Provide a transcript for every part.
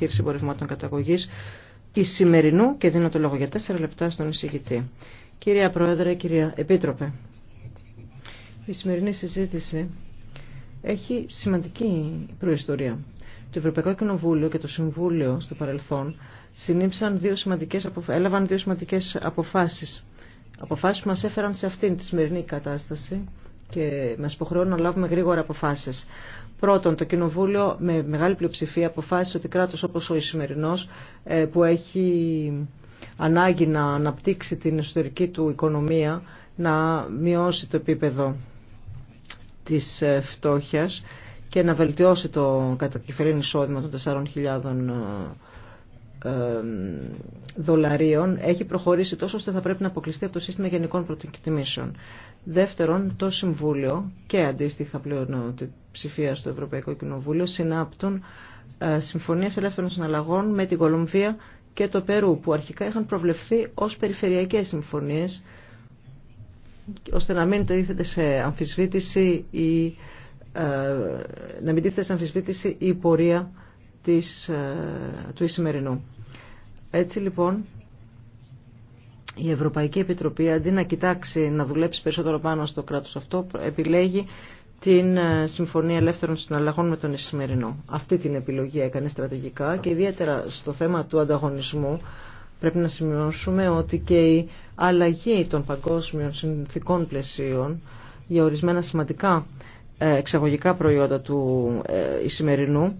διαχείριση εμπορευμάτων καταγωγή η σημερινού και δίνω το λόγο για τέσσερα λεπτά στον εισηγητή. Κυρία Πρόεδρε, κυρία Επίτροπε, η σημερινή συζήτηση έχει σημαντική προϊστορία. Το Ευρωπαϊκό Κοινοβούλιο και το Συμβούλιο στο παρελθόν συνήψαν δύο σημαντικές, έλαβαν δύο σημαντικές αποφάσεις. Αποφάσεις που μας έφεραν σε αυτήν τη σημερινή κατάσταση και μας υποχρεώνουν να λάβουμε γρήγορα αποφάσεις. Πρώτον, το Κοινοβούλιο με μεγάλη πλειοψηφία αποφάσισε ότι κράτος όπως ο Ισημερινός ε, που έχει ανάγκη να αναπτύξει την εσωτερική του οικονομία να μειώσει το επίπεδο της ε, φτώχειας και να βελτιώσει το κατακυφερήν εισόδημα των 4.000 δολαρίων έχει προχωρήσει τόσο ώστε θα πρέπει να αποκλειστεί από το σύστημα γενικών προτιμήσεων. Δεύτερον, το Συμβούλιο και αντίστοιχα πλέον ψηφία στο Ευρωπαϊκό Κοινοβούλιο συνάπτουν ε, συμφωνίες ελεύθερων συναλλαγών με την Κολομβία και το Περού που αρχικά είχαν προβλεφθεί ως περιφερειακές συμφωνίες ώστε να μην τίθεται σε αμφισβήτηση ή ε, να μην τίθεται σε αμφισβήτηση η πορεία ε, του Ισημερινού. Έτσι λοιπόν η Ευρωπαϊκή Επιτροπή αντί να κοιτάξει να δουλέψει περισσότερο πάνω στο κράτος αυτό επιλέγει την ε, Συμφωνία Ελεύθερων Συναλλαγών με τον Ισημερινό. Αυτή την επιλογή έκανε στρατηγικά και ιδιαίτερα στο θέμα του ανταγωνισμού πρέπει να σημειώσουμε ότι και η αλλαγή των παγκόσμιων συνθήκων πλαισίων για ορισμένα σημαντικά ε, εξαγωγικά προϊόντα του Ισημερινού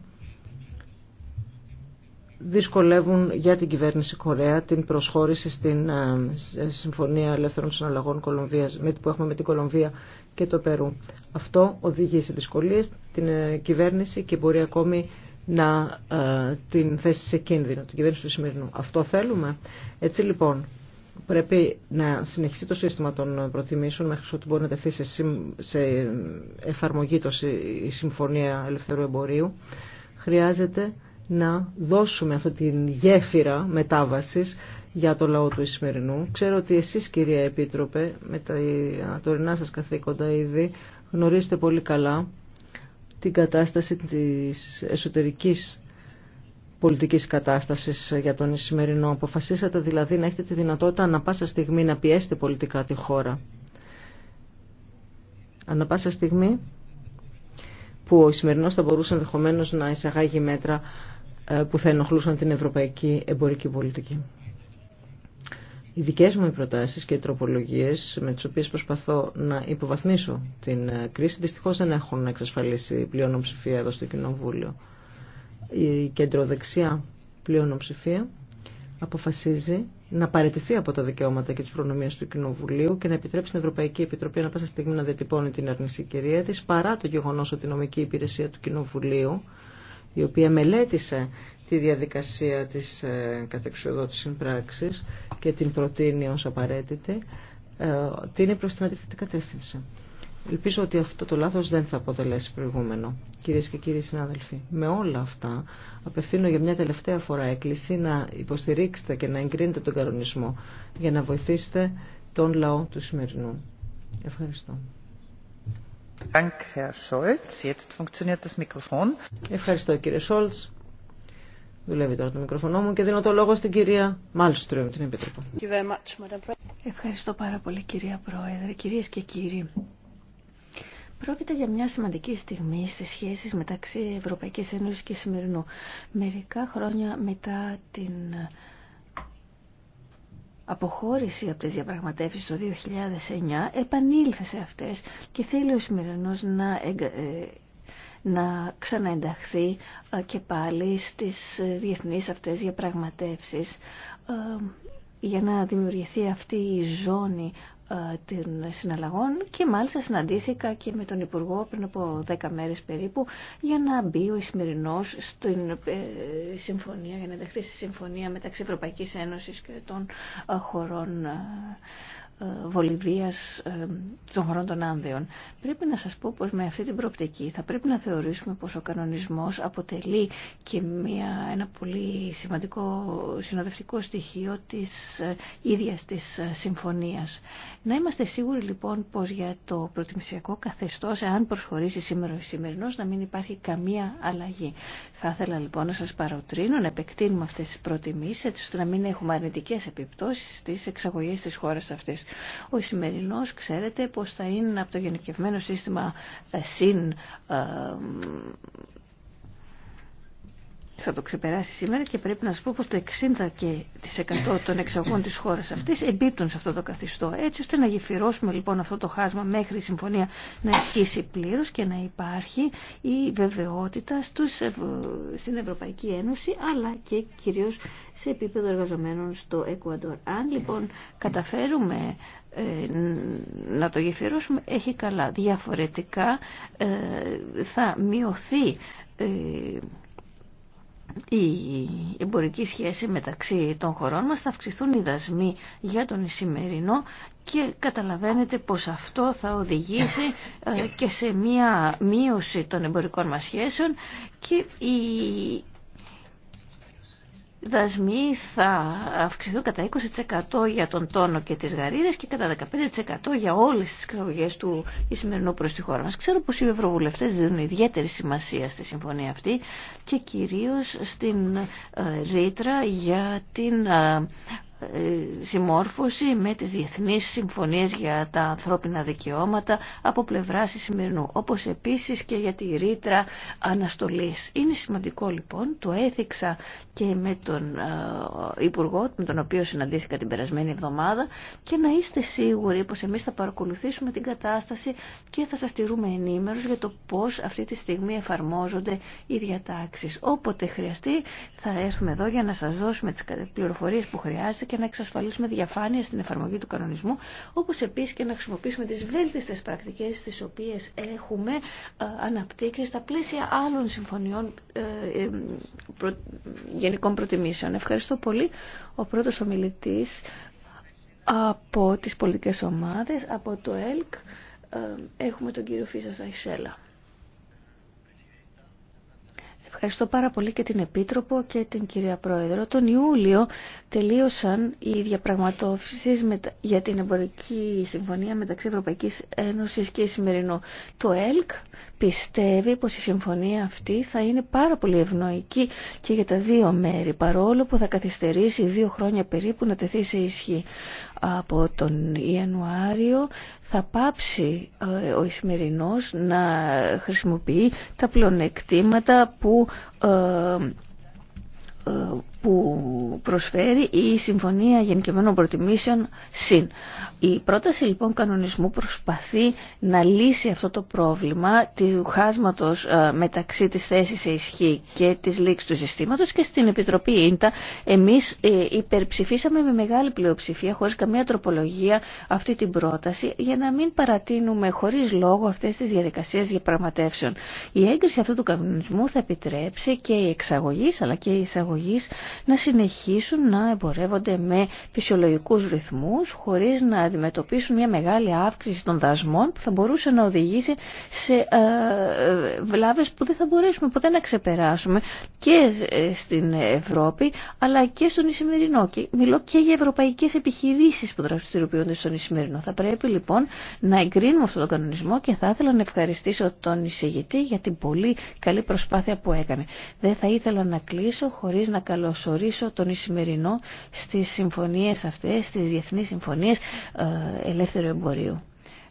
δυσκολεύουν για την κυβέρνηση Κορέα την προσχώρηση στην ε, Συμφωνία Ελεύθερων Συναλλαγών Κολομβίας, που έχουμε με την Κολομβία και το Περού. Αυτό οδηγεί σε δυσκολίες την ε, κυβέρνηση και μπορεί ακόμη να ε, την θέσει σε κίνδυνο, την κυβέρνηση του σημερινού. Αυτό θέλουμε. Έτσι λοιπόν, πρέπει να συνεχίσει το σύστημα των προτιμήσεων μέχρι ότι μπορεί να τεθεί σε, εφαρμογή το, η Συμφωνία Ελευθερού Εμπορίου. Χρειάζεται να δώσουμε αυτή τη γέφυρα μετάβασης για το λαό του Ισημερινού. Ξέρω ότι εσείς κυρία Επίτροπε με τα τωρινά σας καθήκοντα ήδη γνωρίζετε πολύ καλά την κατάσταση της εσωτερικής πολιτικής κατάστασης για τον Ισημερινό. Αποφασίσατε δηλαδή να έχετε τη δυνατότητα ανα πάσα στιγμή να πιέσετε πολιτικά τη χώρα. Ανα πάσα στιγμή που ο Ισημερινός θα μπορούσε ενδεχομένω να εισαγάγει μέτρα ε, που θα ενοχλούσαν την ευρωπαϊκή εμπορική πολιτική. Οι δικές μου προτάσεις και οι τροπολογίες με τις οποίες προσπαθώ να υποβαθμίσω την ε, κρίση δυστυχώς δεν έχουν εξασφαλίσει πλειονοψηφία εδώ στο Κοινοβούλιο. Η κεντροδεξιά πλειονοψηφία αποφασίζει να παραιτηθεί από τα δικαιώματα και τις προνομίες του Κοινοβουλίου και να επιτρέψει την Ευρωπαϊκή Επιτροπή να πάσα στιγμή να διατυπώνει την αρνησή κυρία τη, παρά το γεγονό ότι η νομική υπηρεσία του Κοινοβουλίου η οποία μελέτησε τη διαδικασία της ε, κατεξοδότησης πράξης και την προτείνει ως απαραίτητη, ε, τίνει προς την αντίθετη κατεύθυνση. Ελπίζω ότι αυτό το λάθος δεν θα αποτελέσει προηγούμενο. Κυρίες και κύριοι συνάδελφοι, με όλα αυτά απευθύνω για μια τελευταία φορά έκκληση να υποστηρίξετε και να εγκρίνετε τον καρονισμό για να βοηθήσετε τον λαό του σημερινού. Ευχαριστώ. Ευχαριστώ κύριε Σόλτς. Δουλεύει τώρα το μικροφωνό μου και δίνω το λόγο στην κυρία Μάλστρομ, την Επίτροπο. Ευχαριστώ πάρα πολύ κυρία Πρόεδρε, κυρίες και κύριοι. Πρόκειται για μια σημαντική στιγμή στις σχέσεις μεταξύ Ευρωπαϊκής Ένωσης και Σημερινού. Μερικά χρόνια μετά την αποχώρηση από τις διαπραγματεύσεις το 2009 επανήλθε σε αυτές και θέλει ο σημερινός να, ε, να ξαναενταχθεί ε, και πάλι στις ε, διεθνείς αυτές διαπραγματεύσεις για να δημιουργηθεί αυτή η ζώνη ε, των συναλλαγών και μάλιστα συναντήθηκα και με τον Υπουργό πριν από 10 μέρες περίπου για να μπει ο Ισημερινός στην ε, συμφωνία, για να ενταχθεί στη συμφωνία μεταξύ Ευρωπαϊκής Ένωσης και των ε, χωρών ε, βολιβίας ε, των χωρών των Άνδεων. Πρέπει να σας πω πως με αυτή την προοπτική θα πρέπει να θεωρήσουμε πως ο κανονισμός αποτελεί και μια, ένα πολύ σημαντικό συνοδευτικό στοιχείο της ε, ίδιας της συμφωνίας. Να είμαστε σίγουροι λοιπόν πως για το προτιμησιακό καθεστώς, εάν προσχωρήσει σήμερα ή σημερινός, να μην υπάρχει καμία αλλαγή. Θα ήθελα λοιπόν να σας παροτρύνω να επεκτείνουμε αυτές τις προτιμήσεις, έτσι ώστε να μην έχουμε αρνητικές επιπτώσεις στις εξαγωγές της χώρας αυτής. Ο σημερινός ξέρετε πως θα είναι από το γενικευμένο σύστημα ε, συν ε, θα το ξεπεράσει σήμερα και πρέπει να σα πω πω το 60% των εξαγών τη χώρα αυτή εμπίπτουν σε αυτό το καθιστό. Έτσι ώστε να γεφυρώσουμε λοιπόν αυτό το χάσμα μέχρι η συμφωνία να ισχύσει πλήρω και να υπάρχει η βεβαιότητα στους, στην Ευρωπαϊκή Ένωση αλλά και κυρίω σε επίπεδο εργαζομένων στο Εκουαντορ. Αν λοιπόν καταφέρουμε ε, να το γεφυρώσουμε έχει καλά. Διαφορετικά ε, θα μειωθεί ε, η εμπορική σχέση μεταξύ των χωρών μας θα αυξηθούν οι δασμοί για τον Ισημερινό και καταλαβαίνετε πως αυτό θα οδηγήσει ε, και σε μία μείωση των εμπορικών μας σχέσεων και η δασμοί θα αυξηθούν κατά 20% για τον τόνο και τις γαρίδες και κατά 15% για όλες τις εξαγωγές του Ισημερινού προς τη χώρα μας. Ξέρω πως οι ευρωβουλευτές δίνουν ιδιαίτερη σημασία στη συμφωνία αυτή και κυρίως στην ε, ρήτρα για την ε, ε, συμμόρφωση με τις διεθνείς συμφωνίες για τα ανθρώπινα δικαιώματα από πλευρά σημερινού, όπως επίσης και για τη ρήτρα αναστολής. Είναι σημαντικό λοιπόν, το έθιξα και με τον ε, Υπουργό, με τον οποίο συναντήθηκα την περασμένη εβδομάδα, και να είστε σίγουροι πως εμείς θα παρακολουθήσουμε την κατάσταση και θα σας τηρούμε ενήμερους για το πώς αυτή τη στιγμή εφαρμόζονται οι διατάξεις. Όποτε χρειαστεί θα έρθουμε εδώ για να σας δώσουμε τις πληροφορίες που χρειάζεται και να εξασφαλίσουμε διαφάνεια στην εφαρμογή του κανονισμού, όπως επίσης και να χρησιμοποιήσουμε τις βέλτιστες πρακτικές τις οποίες έχουμε ε, αναπτύξει στα πλαίσια άλλων συμφωνιών ε, ε, γενικών προτιμήσεων. Ευχαριστώ πολύ. Ο πρώτος ομιλητής από τις πολιτικές ομάδες, από το ΕΛΚ, έχουμε τον κύριο Φίσα Σαϊσέλα. Ευχαριστώ πάρα πολύ και την Επίτροπο και την κυρία Πρόεδρο. Τον Ιούλιο τελείωσαν οι διαπραγματεύσει για την εμπορική συμφωνία μεταξύ Ευρωπαϊκή Ένωση και Σημερινού. Το ΕΛΚ πιστεύει πω η συμφωνία αυτή θα είναι πάρα πολύ ευνοϊκή και για τα δύο μέρη, παρόλο που θα καθυστερήσει δύο χρόνια περίπου να τεθεί σε ισχύ. Από τον Ιανουάριο θα πάψει ε, ο Ισημερινός να χρησιμοποιεί τα πλονεκτήματα που ε, ε, που προσφέρει η Συμφωνία Γενικευμένων Προτιμήσεων ΣΥΝ. Η πρόταση λοιπόν κανονισμού προσπαθεί να λύσει αυτό το πρόβλημα του χάσματος ε, μεταξύ της θέσης σε ισχύ και της λήξης του συστήματος και στην Επιτροπή ΙΝΤΑ εμείς ε, υπερψηφίσαμε με μεγάλη πλειοψηφία χωρίς καμία τροπολογία αυτή την πρόταση για να μην παρατείνουμε χωρίς λόγο αυτές τις διαδικασίες διαπραγματεύσεων. Η έγκριση αυτού του κανονισμού θα επιτρέψει και η εξαγωγή αλλά και η εισαγωγή να συνεχίσει να εμπορεύονται με φυσιολογικούς ρυθμούς χωρίς να αντιμετωπίσουν μια μεγάλη αύξηση των δασμών που θα μπορούσε να οδηγήσει σε ε, ε, βλάβες που δεν θα μπορέσουμε ποτέ να ξεπεράσουμε και ε, στην Ευρώπη αλλά και στον Ισημερινό. Και μιλώ και για ευρωπαϊκές επιχειρήσεις που δραστηριοποιούνται στον Ισημερινό. Θα πρέπει λοιπόν να εγκρίνουμε αυτόν τον κανονισμό και θα ήθελα να ευχαριστήσω τον εισηγητή για την πολύ καλή προσπάθεια που έκανε. Δεν θα ήθελα να κλείσω χωρίς να καλωσορίσω τον Διεθνή Σημερινό στις συμφωνίες αυτές, στις διεθνείς συμφωνίες ε, ελεύθερου εμπορίου.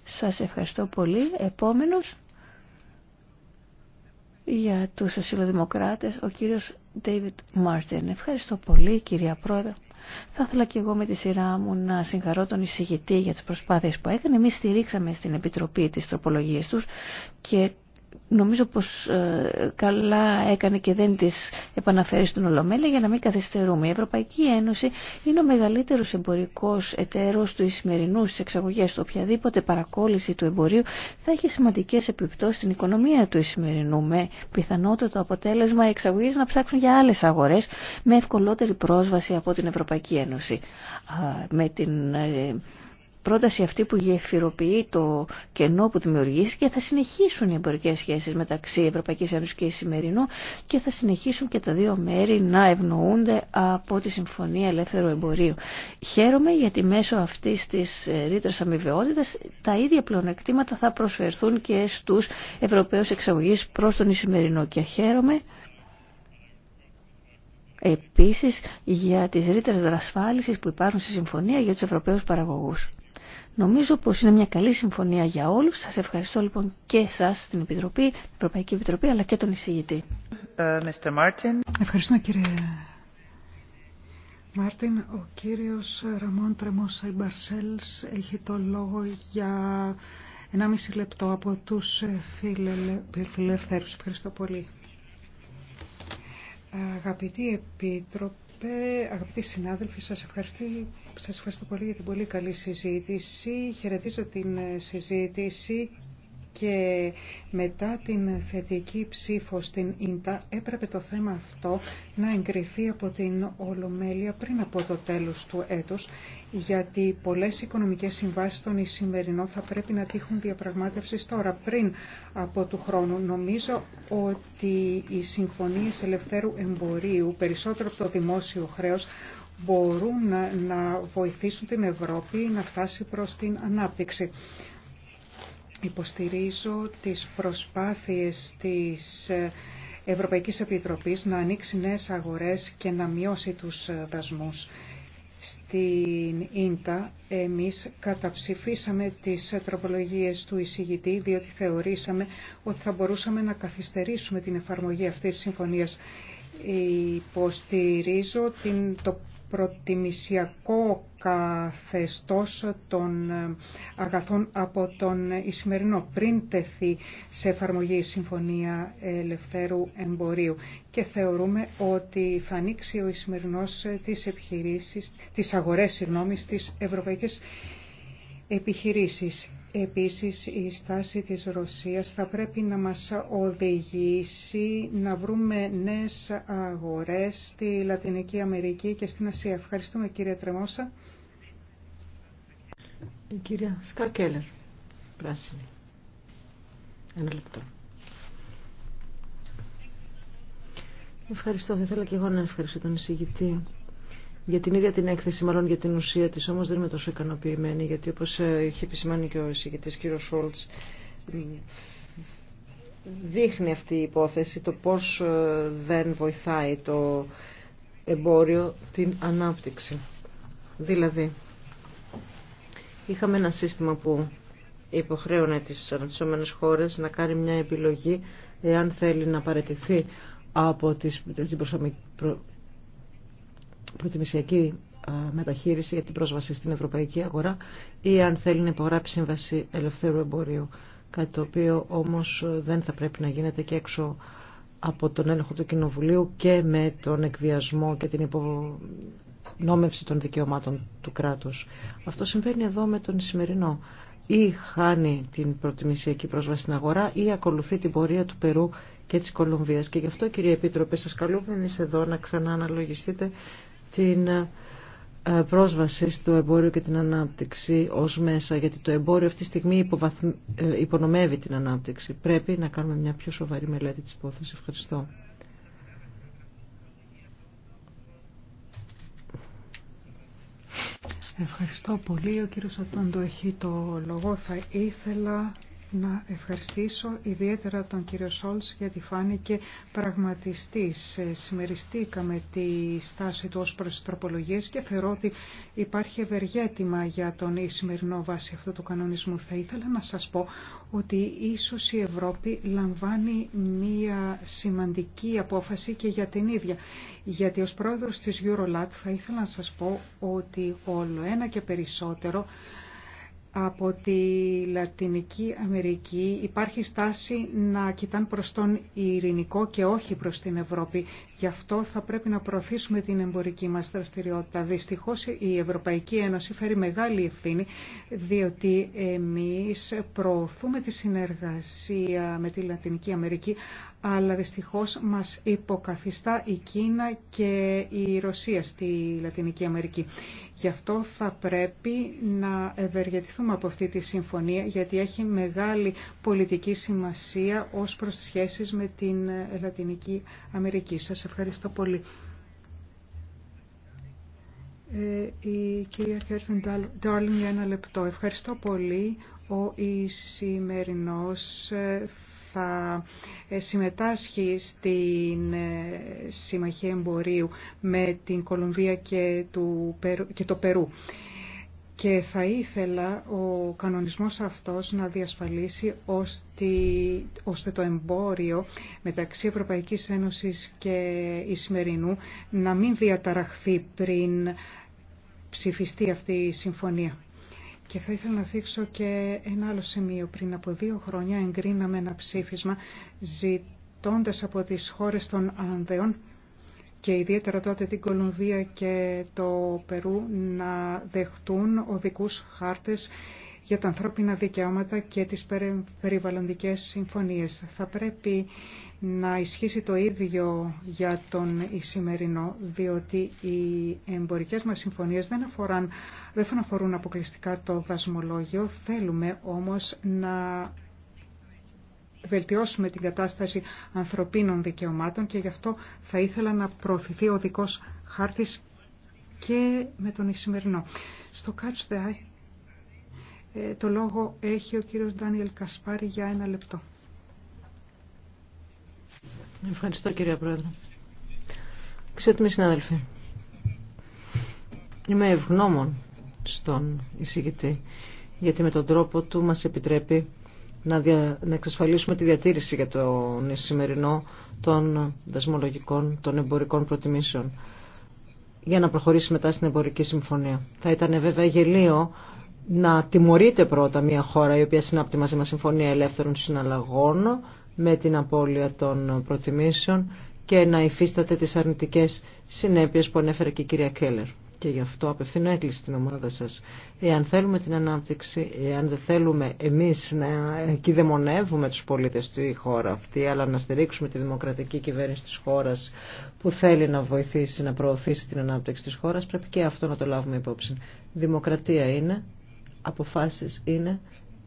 Σας ευχαριστώ πολύ. Επόμενος για τους οσυλλοδημοκράτες, ο κύριος David Martin. Ευχαριστώ πολύ κυρία Πρόεδρε. Θα ήθελα και εγώ με τη σειρά μου να συγχαρώ τον εισηγητή για τις προσπάθειες που έκανε. Εμείς στηρίξαμε στην Επιτροπή της τροπολογίας τους και Νομίζω πως ε, καλά έκανε και δεν τις επαναφέρει στην Ολομέλεια για να μην καθυστερούμε. Η Ευρωπαϊκή Ένωση είναι ο μεγαλύτερος εμπορικός εταίρος του Ισημερινού στις εξαγωγές. του οποιαδήποτε παρακόλληση του εμπορίου θα έχει σημαντικές επιπτώσεις στην οικονομία του Ισημερινού με πιθανότητα το αποτέλεσμα οι να ψάξουν για άλλες αγορές με ευκολότερη πρόσβαση από την Ευρωπαϊκή Ένωση. Με την ε, πρόταση αυτή που γεφυροποιεί το κενό που δημιουργήθηκε θα συνεχίσουν οι εμπορικές σχέσεις μεταξύ Ευρωπαϊκής Ένωσης και Ισημερινού και θα συνεχίσουν και τα δύο μέρη να ευνοούνται από τη Συμφωνία Ελεύθερου Εμπορίου. Χαίρομαι γιατί μέσω αυτής της ε, ρήτρα αμοιβαιότητας τα ίδια πλεονεκτήματα θα προσφερθούν και στους Ευρωπαίους εξαγωγείς προς τον Ισημερινό και χαίρομαι Επίσης για τις ρήτρες δρασφάλισης που υπάρχουν στη Συμφωνία για τους Ευρωπαίους παραγωγούς. Νομίζω πως είναι μια καλή συμφωνία για όλους. Σας ευχαριστώ λοιπόν και εσάς την Επιτροπή, την Ευρωπαϊκή Επιτροπή, αλλά και τον εισηγητή. Ε, Mr. ευχαριστώ κύριε Μάρτιν. Ο κύριος Ραμόν Τρεμόσα Ιμπαρσέλς έχει το λόγο για 1,5 λεπτό από τους φιλελευθέρους. Ευχαριστώ πολύ. Αγαπητοί Επίτροποι, πε, αγαπητοί συνάδελφοι, σας ευχαριστώ, σας ευχαριστώ πολύ για την πολύ καλή συζήτηση. Χαιρετίζω την ε, συζήτηση και μετά την θετική ψήφο στην ΙΝΤΑ έπρεπε το θέμα αυτό να εγκριθεί από την Ολομέλεια πριν από το τέλος του έτους γιατί πολλές οικονομικές συμβάσεις των Ισημερινών θα πρέπει να τύχουν διαπραγμάτευσης τώρα πριν από του χρόνου. Νομίζω ότι οι συμφωνίες ελευθέρου εμπορίου περισσότερο από το δημόσιο χρέος μπορούν να, να βοηθήσουν την Ευρώπη να φτάσει προς την ανάπτυξη. Υποστηρίζω τις προσπάθειες της Ευρωπαϊκής Επιτροπής να ανοίξει νέες αγορές και να μειώσει τους δασμούς. Στην Ίντα εμείς καταψηφίσαμε τις τροπολογίες του εισηγητή διότι θεωρήσαμε ότι θα μπορούσαμε να καθυστερήσουμε την εφαρμογή αυτής της συμφωνίας. Υποστηρίζω την, το προτιμησιακό καθεστώς των ε, αγαθών από τον ε, Ισημερινό πριν τεθεί σε εφαρμογή η Συμφωνία Ελευθέρου Εμπορίου και θεωρούμε ότι θα ανοίξει ο Ισημερινός ε, τις, επιχειρήσεις, τις αγορές συγγνώμη, στις ευρωπαϊκές επιχειρήσεις. Επίσης η στάση της Ρωσίας θα πρέπει να μας οδηγήσει να βρούμε νέες αγορές στη Λατινική Αμερική και στην Ασία. Ευχαριστούμε κύριε Τρεμόσα. Η κυρία Σκακέλερ, πράσινη. Ένα λεπτό. Ευχαριστώ. Θα ήθελα και εγώ να ευχαριστώ τον εισηγητή για την ίδια την έκθεση, μάλλον για την ουσία της, όμως δεν είμαι τόσο ικανοποιημένη, γιατί όπως ε, είχε επισημάνει και ο εισηγητής κύριος Σόλτς, δείχνει αυτή η υπόθεση το πώς ε, δεν βοηθάει το εμπόριο την ανάπτυξη. Δηλαδή, είχαμε ένα σύστημα που υποχρέωνε τις αναπτυσσόμενες χώρες να κάνει μια επιλογή εάν θέλει να παραιτηθεί από την προτιμησιακή μεταχείριση για την πρόσβαση στην ευρωπαϊκή αγορά ή αν θέλει να υπογράψει σύμβαση ελευθέρου εμπορίου. Κάτι το οποίο όμως δεν θα πρέπει να γίνεται και έξω από τον έλεγχο του Κοινοβουλίου και με τον εκβιασμό και την υπονόμευση των δικαιωμάτων του κράτους. Αυτό συμβαίνει εδώ με τον σημερινό. Ή χάνει την προτιμησιακή πρόσβαση στην αγορά ή ακολουθεί την πορεία του Περού και της Κολομβίας. Και γι' αυτό κύριε Επίτροπε σας καλούμε εδώ να ξανααναλογιστείτε την ε, πρόσβαση στο εμπόριο και την ανάπτυξη ως μέσα, γιατί το εμπόριο αυτή τη στιγμή ε, υπονομεύει την ανάπτυξη. Πρέπει να κάνουμε μια πιο σοβαρή μελέτη της υπόθεσης. Ευχαριστώ. Ευχαριστώ πολύ. Ο κύριος Ατόντο έχει το λόγο. Θα ήθελα να ευχαριστήσω ιδιαίτερα τον κύριο Σόλτς γιατί φάνηκε πραγματιστής. Σημεριστήκαμε τη στάση του ως προς τις τροπολογίες και θεωρώ ότι υπάρχει ευεργέτημα για τον σημερινό βάση αυτού του κανονισμού. Θα ήθελα να σας πω ότι ίσως η Ευρώπη λαμβάνει μία σημαντική απόφαση και για την ίδια. Γιατί ως πρόεδρος της Eurolat θα ήθελα να σας πω ότι όλο ένα και περισσότερο από τη Λατινική Αμερική υπάρχει στάση να κοιτάν προς τον ειρηνικό και όχι προς την Ευρώπη. Γι' αυτό θα πρέπει να προωθήσουμε την εμπορική μας δραστηριότητα. Δυστυχώς η Ευρωπαϊκή Ένωση φέρει μεγάλη ευθύνη διότι εμείς προωθούμε τη συνεργασία με τη Λατινική Αμερική αλλά δυστυχώς μας υποκαθιστά η Κίνα και η Ρωσία στη Λατινική Αμερική. Γι' αυτό θα πρέπει να ευεργετηθούμε από αυτή τη συμφωνία, γιατί έχει μεγάλη πολιτική σημασία ως προς τις σχέσεις με την Λατινική Αμερική. Σας ευχαριστώ πολύ. Ε, η κυρία Κέρθεν Ντάρλιν για ένα λεπτό. Ευχαριστώ πολύ. Ο η θα ε, συμμετάσχει στην ε, Συμμαχία Εμπορίου με την Κολομβία και το Περού. Και θα ήθελα ο κανονισμός αυτός να διασφαλίσει ώστε το εμπόριο μεταξύ Ευρωπαϊκής Ένωσης και Ισημερινού να μην διαταραχθεί πριν ψηφιστεί αυτή η συμφωνία. Και θα ήθελα να δείξω και ένα άλλο σημείο. Πριν από δύο χρόνια εγκρίναμε ένα ψήφισμα ζητώντας από τις χώρες των Άνδεων και ιδιαίτερα τότε την Κολομβία και το Περού να δεχτούν οδικούς χάρτες για τα ανθρώπινα δικαιώματα και τις περιβαλλοντικές συμφωνίες. Θα πρέπει να ισχύσει το ίδιο για τον Ισημερινό, διότι οι εμπορικές μας συμφωνίες δεν, αφοράν, δεν αφορούν αποκλειστικά το δασμολόγιο. Θέλουμε όμως να βελτιώσουμε την κατάσταση ανθρωπίνων δικαιωμάτων και γι' αυτό θα ήθελα να προωθηθεί ο δικός χάρτης και με τον Ισημερινό. Στο ε, το λόγο έχει ο κύριος Ντάνιελ Κασπάρη για ένα λεπτό. Ευχαριστώ κύριε Πρόεδρε. Ξέρετε συνάδελφοι. Είμαι ευγνώμων στον εισηγητή γιατί με τον τρόπο του μας επιτρέπει να, να εξασφαλίσουμε τη διατήρηση για το σημερινό των δασμολογικών, των εμπορικών προτιμήσεων για να προχωρήσει μετά στην εμπορική συμφωνία. Θα ήταν βέβαια γελίο να τιμωρείται πρώτα μια χώρα η οποία συνάπτει μαζί μας συμφωνία ελεύθερων συναλλαγών με την απώλεια των προτιμήσεων και να υφίσταται τις αρνητικές συνέπειες που ανέφερε και η κυρία Κέλλερ. Και γι' αυτό απευθύνω έκλειση στην ομάδα σας. Εάν θέλουμε την ανάπτυξη, εάν δεν θέλουμε εμείς να κυδαιμονεύουμε τους πολίτες στη χώρα αυτή, αλλά να στηρίξουμε τη δημοκρατική κυβέρνηση της χώρας που θέλει να βοηθήσει, να προωθήσει την ανάπτυξη της χώρας, πρέπει και αυτό να το λάβουμε υπόψη. Δημοκρατία είναι αποφάσεις είναι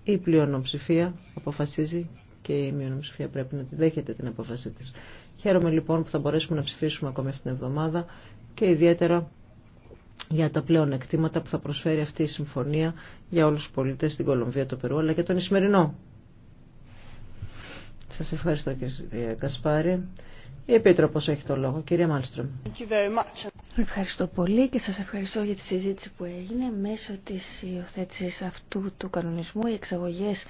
η πλειονοψηφία αποφασίζει και η μειονοψηφία πρέπει να τη δέχεται την απόφαση της. Χαίρομαι λοιπόν που θα μπορέσουμε να ψηφίσουμε ακόμη αυτήν την εβδομάδα και ιδιαίτερα για τα πλέον εκτήματα που θα προσφέρει αυτή η συμφωνία για όλους τους πολίτες στην Κολομβία, το Περού αλλά και τον Ισημερινό. Σας ευχαριστώ κύριε Κασπάρη. Η Επίτροπος έχει το λόγο. Κύριε Μάλστρομ. Ευχαριστώ πολύ και σας ευχαριστώ για τη συζήτηση που έγινε. Μέσω της υιοθέτηση αυτού του κανονισμού οι εξαγωγές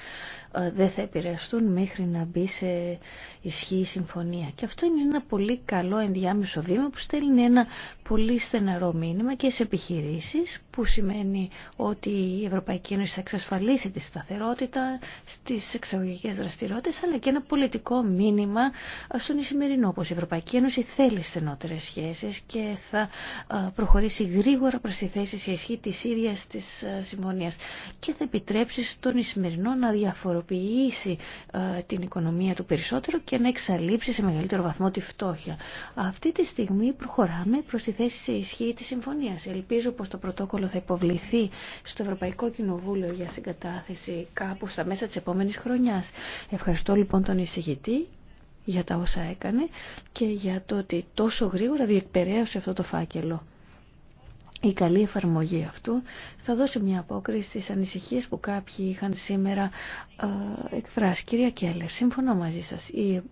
ε, δεν θα επηρεαστούν μέχρι να μπει σε ισχύ η συμφωνία. Και αυτό είναι ένα πολύ καλό ενδιάμεσο βήμα που στέλνει ένα πολύ στεναρό μήνυμα και σε επιχειρήσεις που σημαίνει ότι η Ευρωπαϊκή Ένωση θα εξασφαλίσει τη σταθερότητα στις εξαγωγικέ δραστηριότητες αλλά και ένα πολιτικό μήνυμα στον Ισημερινό η Ευρωπαϊκή Ένωση θέλει στενότερες σχέσεις και θα προχωρήσει γρήγορα προς τη θέση σε ισχύ της ίδια τη συμφωνίας και θα επιτρέψει στον Ισημερινό να διαφοροποιήσει την οικονομία του περισσότερο και να εξαλείψει σε μεγαλύτερο βαθμό τη φτώχεια. Αυτή τη στιγμή προχωράμε προς τη θέσει σε ισχύ τη συμφωνία. Ελπίζω πως το πρωτόκολλο θα υποβληθεί στο Ευρωπαϊκό Κοινοβούλιο για συγκατάθεση κάπου στα μέσα τη επόμενη χρονιά. Ευχαριστώ λοιπόν τον εισηγητή για τα όσα έκανε και για το ότι τόσο γρήγορα διεκπαιρέωσε αυτό το φάκελο. Η καλή εφαρμογή αυτού θα δώσει μια απόκριση στις ανησυχίες που κάποιοι είχαν σήμερα ε, εκφράσει. Κυρία Κέλλερ, σύμφωνα μαζί σας, η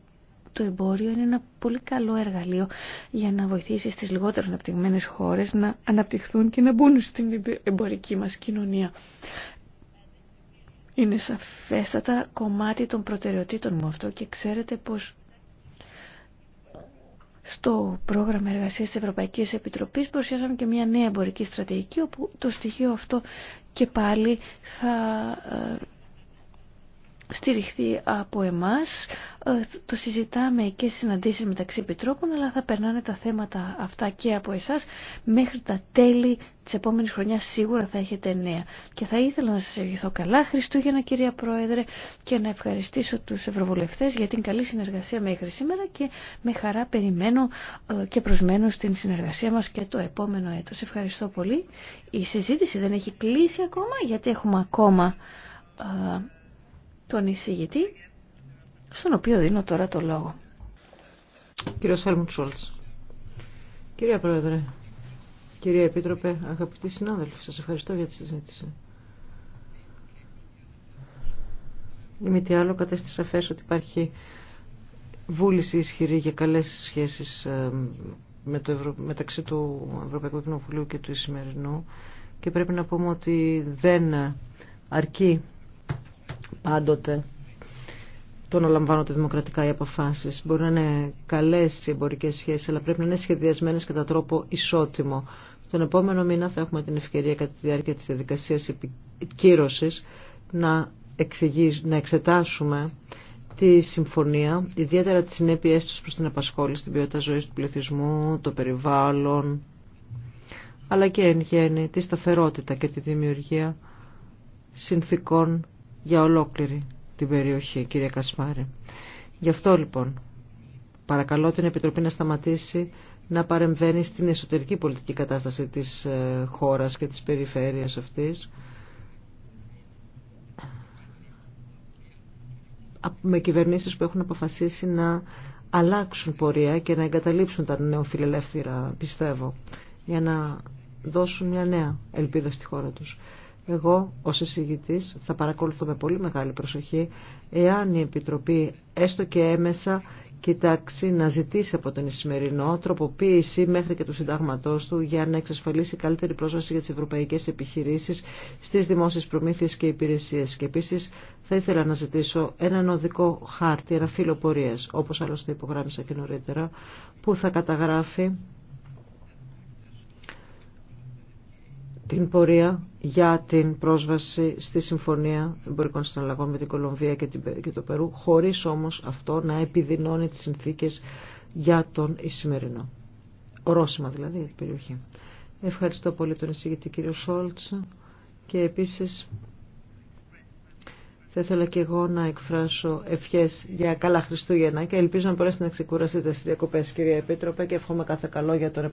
το εμπόριο είναι ένα πολύ καλό εργαλείο για να βοηθήσει στις λιγότερο αναπτυγμένες χώρες να αναπτυχθούν και να μπουν στην εμπορική μας κοινωνία. Είναι σαφέστατα κομμάτι των προτεραιοτήτων μου αυτό και ξέρετε πως στο πρόγραμμα εργασίας της Ευρωπαϊκής Επιτροπής παρουσιάσαμε και μια νέα εμπορική στρατηγική όπου το στοιχείο αυτό και πάλι θα ε, στηριχθεί από εμάς. Ε, το συζητάμε και στις συναντήσεις μεταξύ επιτρόπων, αλλά θα περνάνε τα θέματα αυτά και από εσάς. Μέχρι τα τέλη της επόμενης χρονιάς σίγουρα θα έχετε νέα. Και θα ήθελα να σας ευχηθώ καλά Χριστούγεννα κυρία Πρόεδρε και να ευχαριστήσω τους Ευρωβουλευτές για την καλή συνεργασία μέχρι σήμερα και με χαρά περιμένω ε, και προσμένω στην συνεργασία μας και το επόμενο έτος. Ευχαριστώ πολύ. Η συζήτηση δεν έχει κλείσει ακόμα γιατί έχουμε ακόμα ε, τον εισηγητή, στον οποίο δίνω τώρα το λόγο. Κύριο Σέλμουντ Σόλτς. Κυρία Πρόεδρε, κύριε Επίτροπε, αγαπητοί συνάδελφοι, σας ευχαριστώ για τη συζήτηση. Είμαι τι άλλο κατέστησα σαφές ότι υπάρχει βούληση ισχυρή για καλές σχέσεις ε, με το Ευρω... μεταξύ του Ευρωπαϊκού Κοινοβουλίου και του Ισημερινού και πρέπει να πούμε ότι δεν αρκεί πάντοτε το να λαμβάνονται δημοκρατικά οι αποφάσεις. Μπορεί να είναι καλές οι εμπορικές σχέσεις, αλλά πρέπει να είναι σχεδιασμένες κατά τρόπο ισότιμο. Τον επόμενο μήνα θα έχουμε την ευκαιρία κατά τη διάρκεια της διαδικασίας επικύρωσης να, να εξετάσουμε τη συμφωνία, ιδιαίτερα τις συνέπειές τους προς την απασχόληση, την ποιότητα ζωής του πληθυσμού, το περιβάλλον, αλλά και εν γέννη τη σταθερότητα και τη δημιουργία συνθήκων για ολόκληρη την περιοχή, κύριε Κασμάρη. Γι' αυτό λοιπόν παρακαλώ την Επιτροπή να σταματήσει να παρεμβαίνει στην εσωτερική πολιτική κατάσταση της ε, χώρας και της περιφέρειας αυτής με κυβερνήσεις που έχουν αποφασίσει να αλλάξουν πορεία και να εγκαταλείψουν τα νεοφιλελεύθερα, πιστεύω, για να δώσουν μια νέα ελπίδα στη χώρα τους. Εγώ ως εισηγητής θα παρακολουθώ με πολύ μεγάλη προσοχή εάν η Επιτροπή έστω και έμεσα κοιτάξει να ζητήσει από τον Ισημερινό τροποποίηση μέχρι και του συντάγματό του για να εξασφαλίσει καλύτερη πρόσβαση για τις ευρωπαϊκές επιχειρήσεις στις δημόσιες προμήθειες και υπηρεσίες. Και επίσης θα ήθελα να ζητήσω έναν οδικό χάρτη, ένα φύλλο πορεία, όπω άλλωστε υπογράμμισα και νωρίτερα, που θα καταγράφει την πορεία για την πρόσβαση στη Συμφωνία Εμπορικών Συναλλαγών με την Κολομβία και το Περού, χωρίς όμως αυτό να επιδεινώνει τις συνθήκες για τον Ισημερινό. Ορόσημα δηλαδή για την περιοχή. Ευχαριστώ πολύ τον εισηγητή κύριο Σόλτς και επίσης θα ήθελα και εγώ να εκφράσω ευχές για καλά Χριστούγεννα και ελπίζω να μπορέσετε να ξεκουραστείτε στις διακοπές κυρία Επίτροπε και εύχομαι κάθε καλό για τον